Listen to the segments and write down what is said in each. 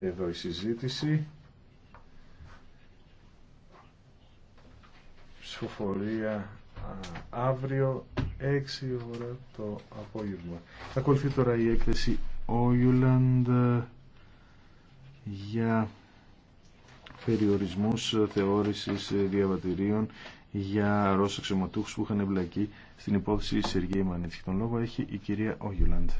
εδώ η συζήτηση. Ψηφοφορία αύριο 6 ώρα το απόγευμα. Θα ακολουθεί τώρα η έκθεση Ογιουλάντ ε, για περιορισμούς ε, θεώρησης ε, διαβατηρίων για Ρώσους αξιωματούχους που είχαν εμπλακεί στην υπόθεση Σεργέη Μανίτση. Τον λόγο έχει η κυρία Όγιουλαντ.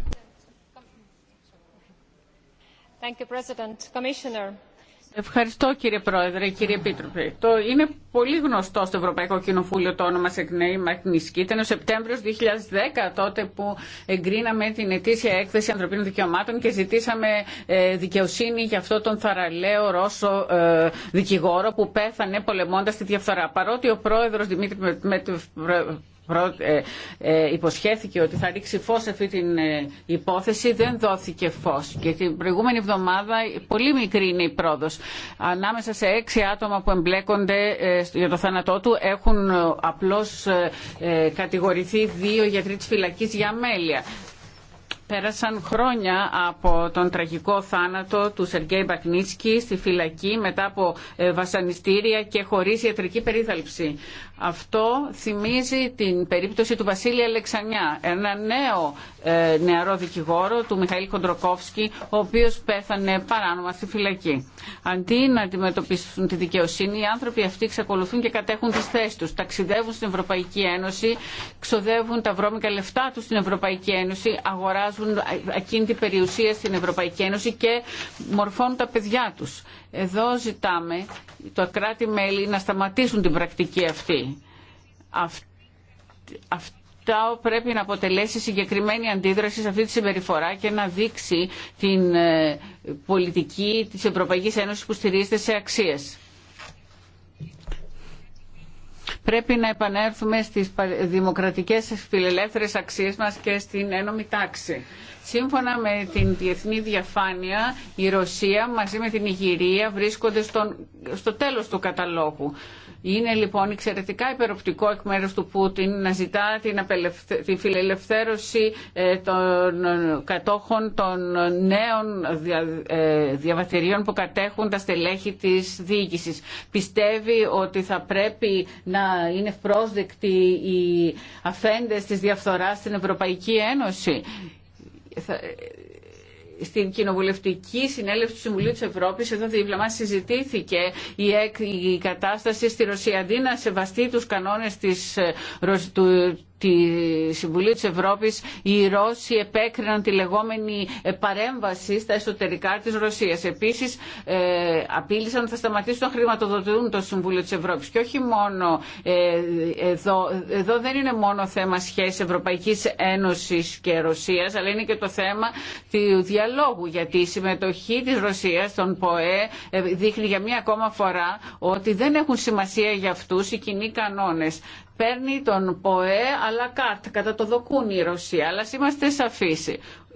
Ευχαριστώ κύριε Πρόεδρε, κύριε Επίτροπε. Το είναι πολύ γνωστό στο Ευρωπαϊκό Κοινοβούλιο το όνομα Σεκνέη Μακνισκή. Ήταν ο Σεπτέμβριο 2010 τότε που εγκρίναμε την ετήσια έκθεση ανθρωπίνων δικαιωμάτων και ζητήσαμε ε, δικαιοσύνη για αυτό τον θαραλέο Ρώσο ε, δικηγόρο που πέθανε πολεμώντα τη διαφθορά. Παρότι ο πρόεδρο Δημήτρη ε, ε, υποσχέθηκε ότι θα ρίξει φως αυτή την ε, υπόθεση δεν δόθηκε φως και την προηγούμενη εβδομάδα πολύ μικρή είναι η πρόοδος ανάμεσα σε έξι άτομα που εμπλέκονται για το θάνατό του έχουν απλώς κατηγορηθεί δύο γιατροί της φυλακής για αμέλεια Πέρασαν χρόνια από τον τραγικό θάνατο του Σεργέη Μπακνίσκη στη φυλακή μετά από ε, βασανιστήρια και χωρίς ιατρική περίθαλψη. Αυτό θυμίζει την περίπτωση του Βασίλη Αλεξανιά, ένα νέο ε, νεαρό δικηγόρο του Μιχαήλ Κοντροκόφσκι, ο οποίος πέθανε παράνομα στη φυλακή. Αντί να αντιμετωπίσουν τη δικαιοσύνη, οι άνθρωποι αυτοί εξακολουθούν και κατέχουν τις θέσεις τους. Ταξιδεύουν στην Ευρωπαϊκή Ένωση, ξοδεύουν τα βρώμικα λεφτά τους στην Ευρωπαϊκή Ένωση, αγοράζουν έχουν ακίνητη περιουσία στην Ευρωπαϊκή Ένωση και μορφώνουν τα παιδιά τους. Εδώ ζητάμε το κράτη-μέλη να σταματήσουν την πρακτική αυτή. Αυτά πρέπει να αποτελέσει συγκεκριμένη αντίδραση σε αυτή τη συμπεριφορά και να δείξει την ε, πολιτική της Ευρωπαϊκής Ένωσης που στηρίζεται σε αξίες. Πρέπει να επανέλθουμε στις δημοκρατικές φιλελεύθερες αξίες μας και στην ένωμη τάξη. Σύμφωνα με την διεθνή διαφάνεια, η Ρωσία μαζί με την Ιγυρία βρίσκονται στον, στο τέλος του καταλόγου. Είναι λοιπόν εξαιρετικά υπεροπτικό εκ μέρους του Πούτιν να ζητά την, απελευθε... φιλελευθέρωση ε, των ε, κατόχων των νέων ε, διαβατηρίων που κατέχουν τα στελέχη της διοίκησης. Πιστεύει ότι θα πρέπει να είναι ευπρόσδεκτοι οι αφέντες της διαφθοράς στην Ευρωπαϊκή Ένωση. Στην κοινοβουλευτική συνέλευση του Συμβουλίου της Ευρώπης εδώ δίπλα μας συζητήθηκε η κατάσταση στη Ρωσία. Αντί να σεβαστεί τους κανόνες της, ε, του, τη Συμβουλή της Ευρώπης οι Ρώσοι επέκριναν τη λεγόμενη ε, παρέμβαση στα εσωτερικά της Ρωσίας. Επίσης ε, απείλησαν ότι θα σταματήσουν να χρηματοδοτούν το Συμβούλιο της Ευρώπης. Και όχι μόνο ε, εδώ, εδώ δεν είναι μόνο θέμα σχέση Ευρωπαϊκής Ένωσης και Ρωσίας αλλά είναι και το θέμα του διαλόγου γιατί η συμμετοχή της Ρωσίας στον ΠΟΕ δείχνει για μία ακόμα φορά ότι δεν έχουν σημασία για αυτούς οι κοινοί κανόνες παίρνει τον ΠΟΕ αλλά καρτ, κατά το δοκούν η Ρωσία. Αλλά είμαστε σαφείς.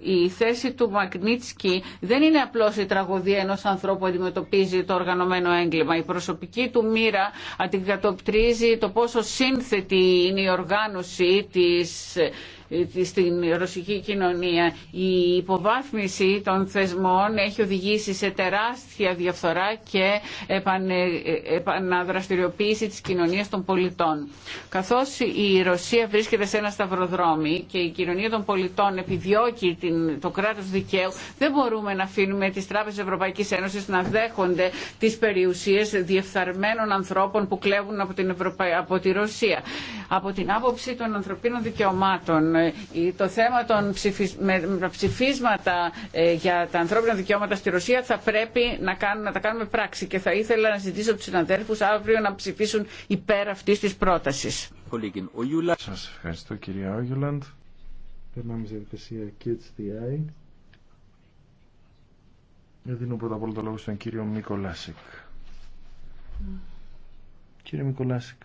Η θέση του Μαγνίτσκι δεν είναι απλώς η τραγωδία ενός ανθρώπου που αντιμετωπίζει το οργανωμένο έγκλημα. Η προσωπική του μοίρα αντικατοπτρίζει το πόσο σύνθετη είναι η οργάνωση της ε, στην ρωσική κοινωνία. Η υποβάθμιση των θεσμών έχει οδηγήσει σε τεράστια διαφθορά και ε, επαναδραστηριοποίηση της κοινωνίας των πολιτών. Καθώς η Ρωσία βρίσκεται σε ένα σταυροδρόμι και η κοινωνία των πολιτών επιδιώκει το κράτος δικαίου, δεν μπορούμε να αφήνουμε τις τράπεζες Ευρωπαϊκής Ένωσης να δέχονται τις περιουσίες διεφθαρμένων ανθρώπων που κλέβουν από, την από τη Ρωσία. Από την άποψη των ανθρωπίνων δικαιωμάτων το θέμα των ψηφισ... ψηφίσματα ε, για τα ανθρώπινα δικαιώματα στη Ρωσία θα πρέπει να, κάνουν, να τα κάνουμε πράξη και θα ήθελα να ζητήσω τους συναδέλφους αύριο να ψηφίσουν υπέρ αυτής της πρότασης. Σας ευχαριστώ κυρία Όγιουλαντ. Περνάμε στη διαδικασία Kids DI. Δίνω πρώτα απ' όλα το λόγο στον κύριο Μικολάσικ. Mm. Κύριε Μικολάσικ.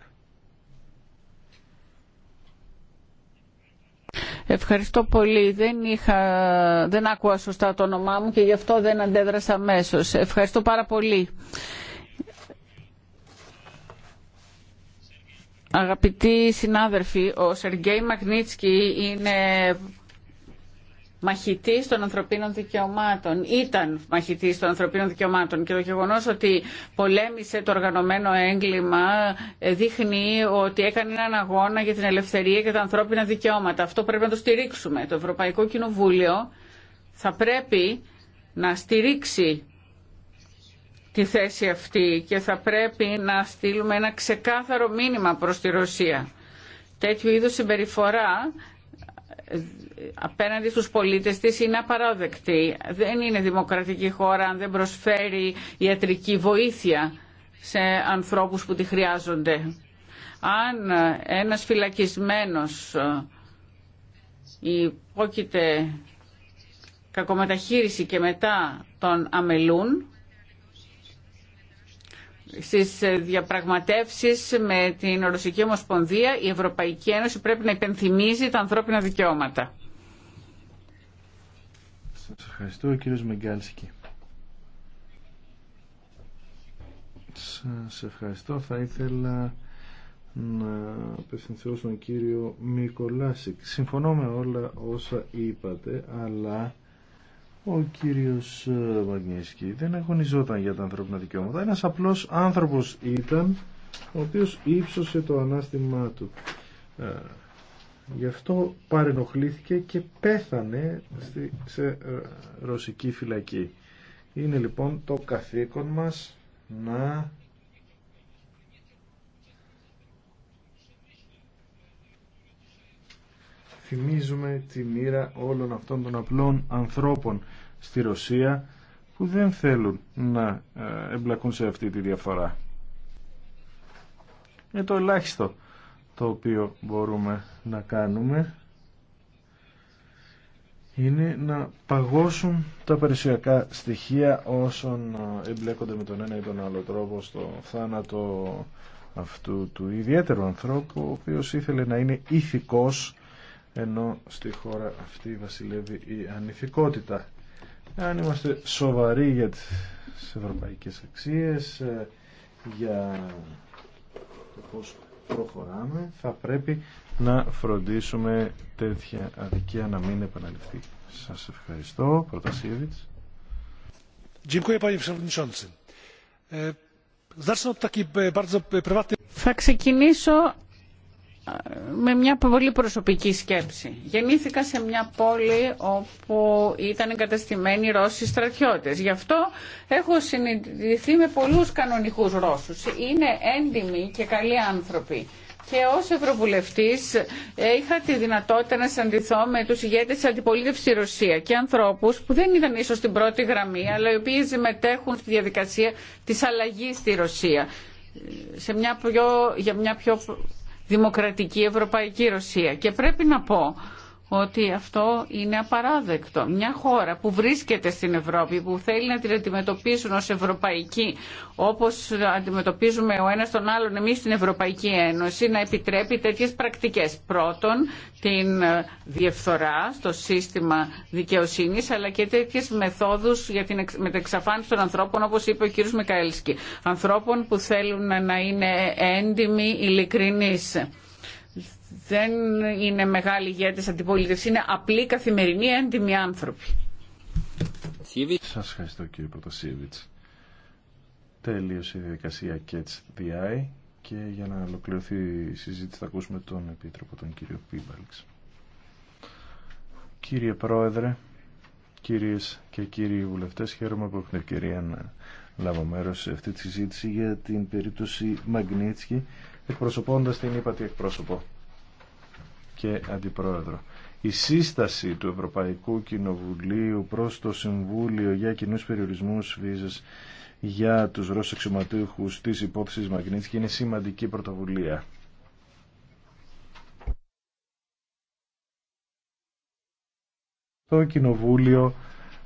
Ευχαριστώ πολύ. Δεν, είχα, δεν άκουα σωστά το όνομά μου και γι' αυτό δεν αντέδρασα αμέσω. Ευχαριστώ πάρα πολύ. Αγαπητοί συνάδελφοι, ο Σεργέη Μαγνίτσκι είναι μαχητής των ανθρωπίνων δικαιωμάτων. Ήταν μαχητής των ανθρωπίνων δικαιωμάτων και το γεγονό ότι πολέμησε το οργανωμένο έγκλημα ε, δείχνει ότι έκανε έναν αγώνα για την ελευθερία και τα ανθρώπινα δικαιώματα. Αυτό πρέπει να το στηρίξουμε. Το Ευρωπαϊκό Κοινοβούλιο θα πρέπει να στηρίξει τη θέση αυτή και θα πρέπει να στείλουμε ένα ξεκάθαρο μήνυμα προς τη Ρωσία. Τέτοιου είδους συμπεριφορά απέναντι στους πολίτες της είναι απαράδεκτη. Δεν είναι δημοκρατική χώρα αν δεν προσφέρει ιατρική βοήθεια σε ανθρώπους που τη χρειάζονται. Αν ένας φυλακισμένος ε, υπόκειται κακομεταχείριση και μετά τον αμελούν, στις ε, διαπραγματεύσεις με την Ρωσική Ομοσπονδία η Ευρωπαϊκή Ένωση πρέπει να υπενθυμίζει τα ανθρώπινα δικαιώματα. Σας ευχαριστώ κύριος Μεγκάλσικη. Σας ευχαριστώ. Θα ήθελα να απευθυνθώ στον κύριο Μικολάσικ. Συμφωνώ με όλα όσα είπατε, αλλά ο κύριος ε, Μαγνίσκη δεν αγωνιζόταν για τα ανθρώπινα δικαιώματα. Ένας απλός άνθρωπος ήταν, ο οποίος ύψωσε το ανάστημά του. Ε, γι' αυτό παρενοχλήθηκε και πέθανε στη, σε ε, ρωσική φυλακή. Είναι λοιπόν το καθήκον μας να θυμίζουμε τη μοίρα όλων αυτών των απλών ανθρώπων στη Ρωσία που δεν θέλουν να ε, εμπλακούν σε αυτή τη διαφορά. Είναι το ελάχιστο το οποίο μπορούμε να κάνουμε είναι να παγώσουν τα περισσιακά στοιχεία όσων ε, εμπλέκονται με τον ένα ή τον άλλο τρόπο στο θάνατο αυτού του ιδιαίτερου ανθρώπου ο οποίος ήθελε να είναι ηθικός ενώ στη χώρα αυτή βασιλεύει η ανηθικότητα. Αν είμαστε σοβαροί για τις ευρωπαϊκές αξίες, ε, για το πώς προχωράμε, θα πρέπει να φροντίσουμε τέτοια αδικία να μην επαναληφθεί. Σας ευχαριστώ. prywatnej... Θα ξεκινήσω με μια πολύ προσωπική σκέψη. Γεννήθηκα σε μια πόλη όπου ήταν εγκαταστημένοι Ρώσοι στρατιώτες. Γι' αυτό έχω συνειδηθεί με πολλούς κανονικούς Ρώσους. Είναι έντιμοι και καλοί άνθρωποι. Και ως Ευρωβουλευτής ε, είχα τη δυνατότητα να συναντηθώ με τους ηγέτες της αντιπολίτευσης στη Ρωσία και ανθρώπους που δεν ήταν ίσως στην πρώτη γραμμή, αλλά οι οποίοι συμμετέχουν στη διαδικασία της αλλαγής στη Ρωσία. Σε μια πιο, για μια πιο δημοκρατική ευρωπαϊκή Ρωσία. Και πρέπει να πω ότι αυτό είναι απαράδεκτο. Μια χώρα που βρίσκεται στην Ευρώπη, που θέλει να την αντιμετωπίσουν ως ευρωπαϊκή, όπως αντιμετωπίζουμε ο ένας τον άλλον εμείς στην Ευρωπαϊκή Ένωση, να επιτρέπει τέτοιες πρακτικές. Πρώτον, την διεφθορά στο σύστημα δικαιοσύνης, αλλά και τέτοιες μεθόδους για την μεταξαφάνιση των ανθρώπων, όπως είπε ο κ. Μικαέλσκι. Ανθρώπων που θέλουν να είναι έντιμοι, ειλικρινείς δεν είναι μεγάλοι ηγέτες αντιπολίτευση, είναι απλή καθημερινή έντιμη άνθρωποι. Σας ευχαριστώ κύριε Πρωτοσίβιτ. Τελείωσε η διαδικασία Catch the Eye και για να ολοκληρωθεί η συζήτηση θα ακούσουμε τον Επίτροπο, τον κύριο Πίμπαλξ. Κύριε Πρόεδρε, κυρίες και κύριοι βουλευτές, χαίρομαι που έχω την ευκαιρία να λάβω μέρος σε αυτή τη συζήτηση για την περίπτωση Μαγνίτσκι εκπροσωπώντας την ύπατη εκπρόσωπο και Αντιπρόεδρο. Η σύσταση του Ευρωπαϊκού Κοινοβουλίου προς το Συμβούλιο για κοινούς περιορισμούς βίζας για τους Ρώσους Εξωματήχους της υπόθεσης Μαγνίτσκι είναι σημαντική πρωτοβουλία. Το Κοινοβούλιο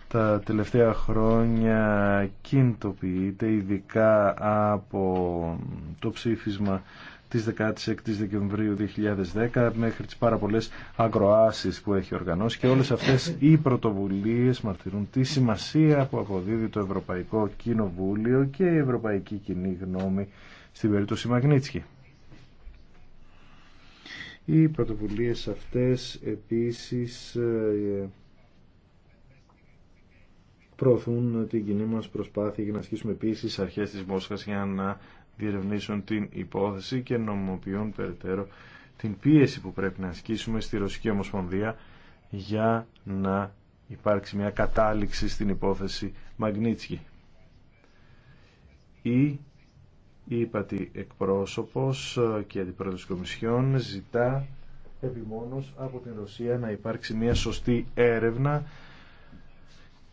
τα τελευταία χρόνια κινητοποιείται ειδικά από το ψήφισμα της 16 Δεκεμβρίου 2010 μέχρι τις πάρα πολλές αγροάσεις που έχει οργανώσει και όλες αυτές οι πρωτοβουλίες μαρτυρούν τη σημασία που αποδίδει το Ευρωπαϊκό Κοινοβούλιο και η Ευρωπαϊκή Κοινή Γνώμη στην περίπτωση Μαγνίτσκι. Οι πρωτοβουλίες αυτές επίσης ε, προωθούν την κοινή μας προσπάθεια για να ασκήσουμε επίσης αρχές της Μόσχας για να διερευνήσουν την υπόθεση και νομοποιούν περαιτέρω την πίεση που πρέπει να ασκήσουμε στη Ρωσική Ομοσπονδία για να υπάρξει μια κατάληξη στην υπόθεση Μαγνίτσκι. Η ύπατη εκπρόσωπος και αντιπρόεδρος Κομισιόν ζητά επιμόνως από την Ρωσία να υπάρξει μια σωστή έρευνα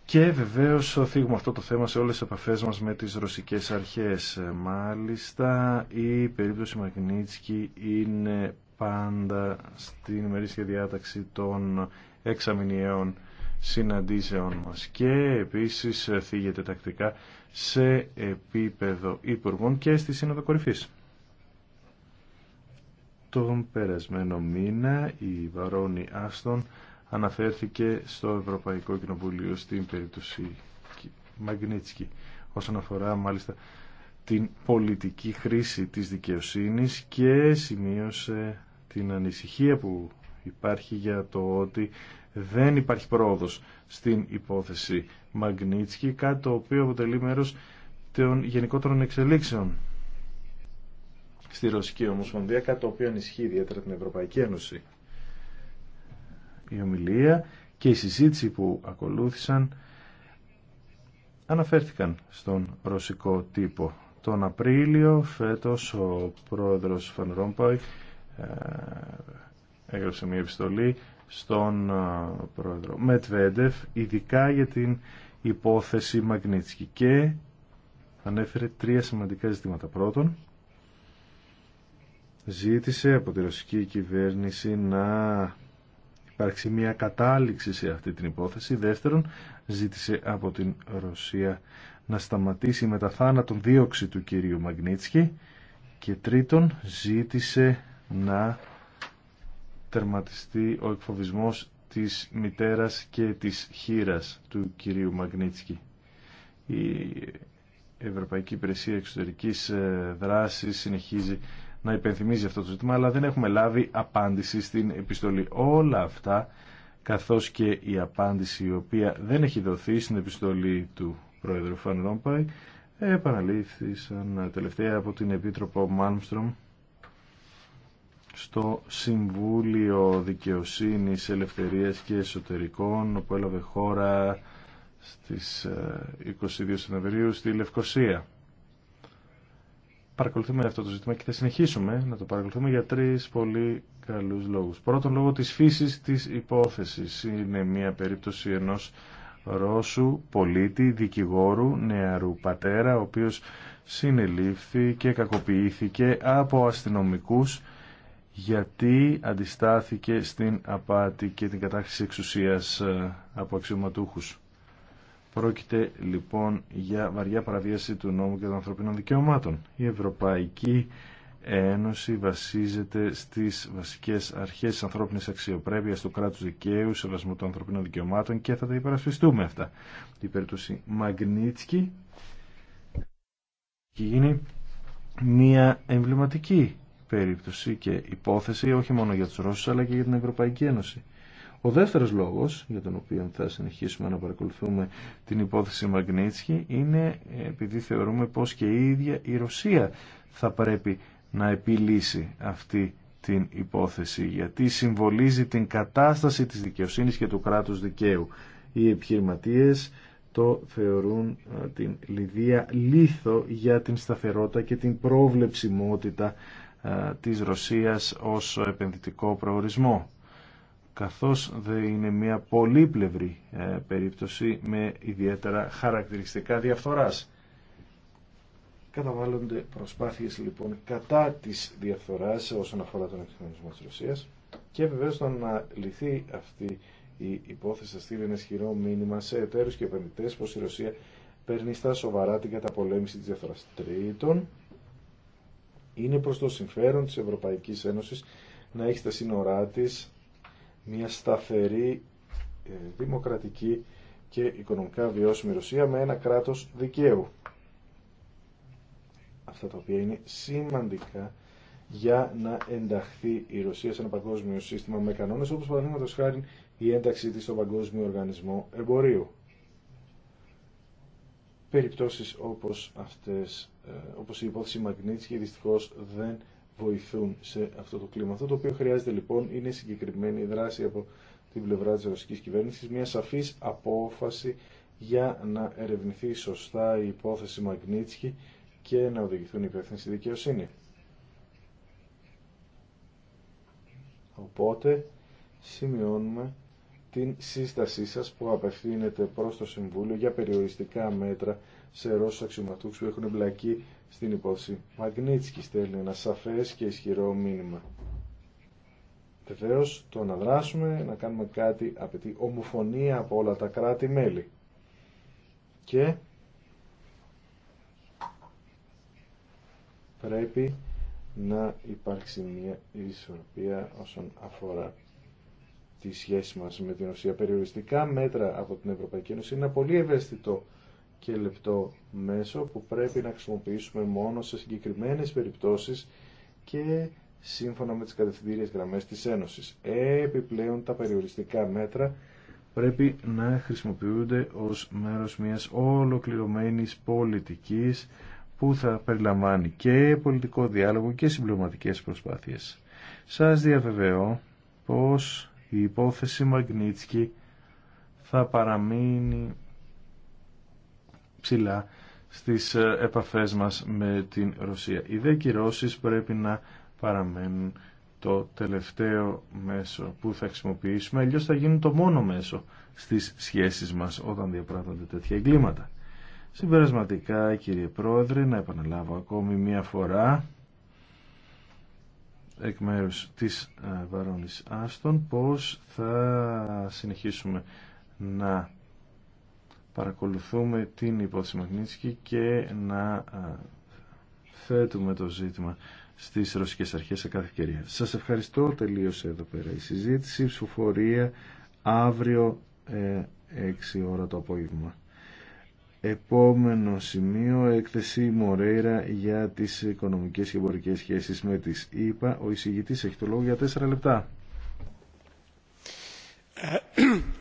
και βεβαίως θίγουμε αυτό το θέμα σε όλες τις επαφές μας με τις ρωσικές αρχές. Μάλιστα, η περίπτωση Μαγνίτσκι είναι πάντα στην ημερήσια διάταξη των εξαμηνιαίων συναντήσεων μας και επίσης θίγεται τακτικά σε επίπεδο υπουργών και στη Σύνοδο Κορυφής. Τον περασμένο μήνα η Βαρόνη Άστον αναφέρθηκε στο Ευρωπαϊκό Κοινοβούλιο στην περίπτωση Μαγνίτσκι όσον αφορά μάλιστα την πολιτική χρήση της δικαιοσύνης και σημείωσε την ανησυχία που υπάρχει για το ότι δεν υπάρχει πρόοδος στην υπόθεση Μαγνίτσκι, κάτι το οποίο αποτελεί μέρος των γενικότερων εξελίξεων στη Ρωσική Ομοσπονδία, κάτι το οποίο ανισχύει ιδιαίτερα την Ευρωπαϊκή Ένωση η ομιλία και η συζήτηση που ακολούθησαν αναφέρθηκαν στον ρωσικό τύπο. Τον Απρίλιο φέτος ο πρόεδρος Φαν Ρόμπαϊ ε, έγραψε μια επιστολή στον ε, πρόεδρο Μετβέντεφ ειδικά για την υπόθεση Μαγνίτσκι και ανέφερε τρία σημαντικά ζητήματα. Πρώτον, ζήτησε από τη ρωσική κυβέρνηση να υπάρξει μια κατάληξη σε αυτή την υπόθεση. Δεύτερον, ζήτησε από την Ρωσία να σταματήσει με τα θάνατον δίωξη του κυρίου Μαγνίτσκι και τρίτον, ζήτησε να τερματιστεί ο εκφοβισμός της μητέρας και της χήρας του κυρίου Μαγνίτσκι. Η Ευρωπαϊκή Υπηρεσία Εξωτερικής ε, Δράσης συνεχίζει να υπενθυμίζει αυτό το ζήτημα, αλλά δεν έχουμε λάβει απάντηση στην επιστολή. Όλα αυτά, καθώς και η απάντηση η οποία δεν έχει δοθεί στην επιστολή του Πρόεδρου Φαν Ρόμπαϊ, επαναλήφθησαν τελευταία από την Επίτροπο Μάλμστρομ στο Συμβούλιο Δικαιοσύνης, Ελευθερίας και Εσωτερικών που έλαβε χώρα στις 22 ε, Σεπτεμβρίου στη Λευκοσία παρακολουθούμε αυτό το ζήτημα και θα συνεχίσουμε να το παρακολουθούμε για τρεις πολύ καλού λόγους. Πρώτον λόγω της φύσης της υπόθεσης. Είναι μια περίπτωση ενός Ρώσου πολίτη, δικηγόρου, νεαρού πατέρα, ο οποίος συνελήφθη και κακοποιήθηκε από αστυνομικούς γιατί αντιστάθηκε στην απάτη και την κατάχρηση εξουσίας ε, από αξιωματούχους. Πρόκειται λοιπόν για βαριά παραβίαση του νόμου και των ανθρωπίνων δικαιωμάτων. Η Ευρωπαϊκή Ένωση βασίζεται στις βασικές αρχές της ανθρώπινης αξιοπρέπειας του κράτους δικαίου, σεβασμού των ανθρωπίνων δικαιωμάτων και θα τα υπερασπιστούμε αυτά. Η περίπτωση Μαγνίτσκι έχει γίνει μια εμβληματική περίπτωση και υπόθεση όχι μόνο για τους Ρώσους αλλά και για την Ευρωπαϊκή Ένωση. Ο δεύτερος λόγος για τον οποίο θα συνεχίσουμε να παρακολουθούμε την υπόθεση Μαγνίτσκι είναι επειδή θεωρούμε πως και η ίδια η Ρωσία θα πρέπει να επιλύσει αυτή την υπόθεση γιατί συμβολίζει την κατάσταση της δικαιοσύνης και του κράτους δικαίου. Οι επιχειρηματίες το θεωρούν την Λιδία λίθο για την σταθερότητα και την πρόβλεψιμότητα της Ρωσίας ως επενδυτικό προορισμό καθώς δεν είναι μια πολύπλευρη ε, περίπτωση με ιδιαίτερα χαρακτηριστικά διαφθοράς. Καταβάλλονται προσπάθειες λοιπόν κατά της διαφθοράς όσον αφορά τον εξυγχρονισμό της Ρωσίας και βεβαίως το να λυθεί αυτή η υπόθεση θα στείλει ένα ισχυρό μήνυμα σε εταίρους και επενδυτές πως η Ρωσία παίρνει στα σοβαρά την καταπολέμηση της διαφθοράς. Τρίτον, είναι προς το συμφέρον της Ευρωπαϊκής Ένωσης να έχει στα σύνορά της μια σταθερή, ε, δημοκρατική και οικονομικά βιώσιμη Ρωσία με ένα κράτος δικαίου. Αυτά τα οποία είναι σημαντικά για να ενταχθεί η Ρωσία σε ένα παγκόσμιο σύστημα με κανόνες όπως παραδείγματο χάρη η ένταξή της στο Παγκόσμιο Οργανισμό Εμπορίου. Περιπτώσεις όπως αυτές, ε, όπως η υπόθεση Μαγνίτσκι δυστυχώς δεν βοηθούν σε αυτό το κλίμα. Αυτό το οποίο χρειάζεται λοιπόν είναι συγκεκριμένη δράση από την πλευρά της ρωσικής κυβέρνησης, μια σαφής απόφαση για να ερευνηθεί σωστά η υπόθεση Μαγνίτσκι και να οδηγηθούν οι υπεύθυνοι στη δικαιοσύνη. Οπότε σημειώνουμε την σύστασή σας που απευθύνεται προς το Συμβούλιο για περιοριστικά μέτρα σε Ρώσους αξιωματούχους που έχουν εμπλακεί στην υπόθεση. Μαγνίτσκι στέλνει ένα σαφές και ισχυρό μήνυμα. Βεβαίω το να δράσουμε, να κάνουμε κάτι απαιτεί ομοφωνία από όλα τα κράτη-μέλη. Και πρέπει να υπάρξει μια ισορροπία όσον αφορά τη σχέση μας με την Ρωσία. Περιοριστικά μέτρα από την Ευρωπαϊκή Ένωση είναι ένα πολύ ευαίσθητο και λεπτό μέσο που πρέπει να χρησιμοποιήσουμε μόνο σε συγκεκριμένες περιπτώσεις και σύμφωνα με τις κατευθυντήριες γραμμές της Ένωσης. Επιπλέον τα περιοριστικά μέτρα πρέπει να χρησιμοποιούνται ως μέρος μιας ολοκληρωμένης πολιτικής που θα περιλαμβάνει και πολιτικό διάλογο και συμπληρωματικές προσπάθειες. Σας διαβεβαιώ πως η υπόθεση Μαγνίτσκι θα παραμείνει ψηλά στις ε, επαφές μας με την Ρωσία. Οι δε κυρώσεις πρέπει να παραμένουν το τελευταίο μέσο που θα χρησιμοποιήσουμε, αλλιώς θα γίνουν το μόνο μέσο στις σχέσεις μας όταν διαπράττονται τέτοια εγκλήματα. Συμπερασματικά, κύριε Πρόεδρε, να επαναλάβω ακόμη μία φορά εκ μέρους της ε, Βαρόνης Άστον πώς θα συνεχίσουμε να παρακολουθούμε την υπόθεση Μαγνίτσκι και να θέτουμε το ζήτημα στις ρωσικές αρχές σε κάθε ευκαιρία. Σας ευχαριστώ. Τελείωσε εδώ πέρα η συζήτηση. ψηφοφορία αύριο 6 ε, ώρα το απόγευμα. Επόμενο σημείο, έκθεση Μορέιρα για τις οικονομικές και εμπορικές σχέσεις με τις ΗΠΑ. Ο εισηγητής έχει το λόγο για 4 λεπτά. Ε,